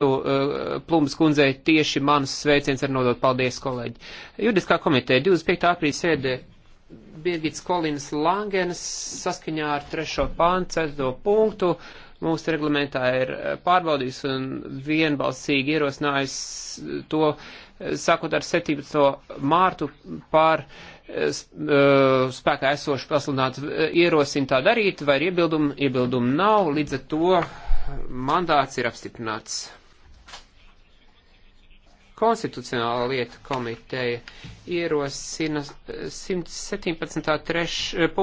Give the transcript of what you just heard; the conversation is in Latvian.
Uh, Plums kundzei tieši manas sveiciens var nodot. Paldies, kolēģi. Juridiskā komiteja 25. aprīļa sēdē Birgits Kolins Langenes saskaņā ar 3. pāntu, 4. punktu mūsu reglamentā ir pārbaudījis un vienbalsīgi ierosinājis to, sakot ar 17. mārtu pār uh, uh, spēkā esošu pasludinātu ierosina tā darīt, vai ir iebildumi? Iebildumi nav, līdz ar to mandāts ir apstiprināts. Konstitucionāla lieta komiteja ierosina 117. Eh, treš, eh,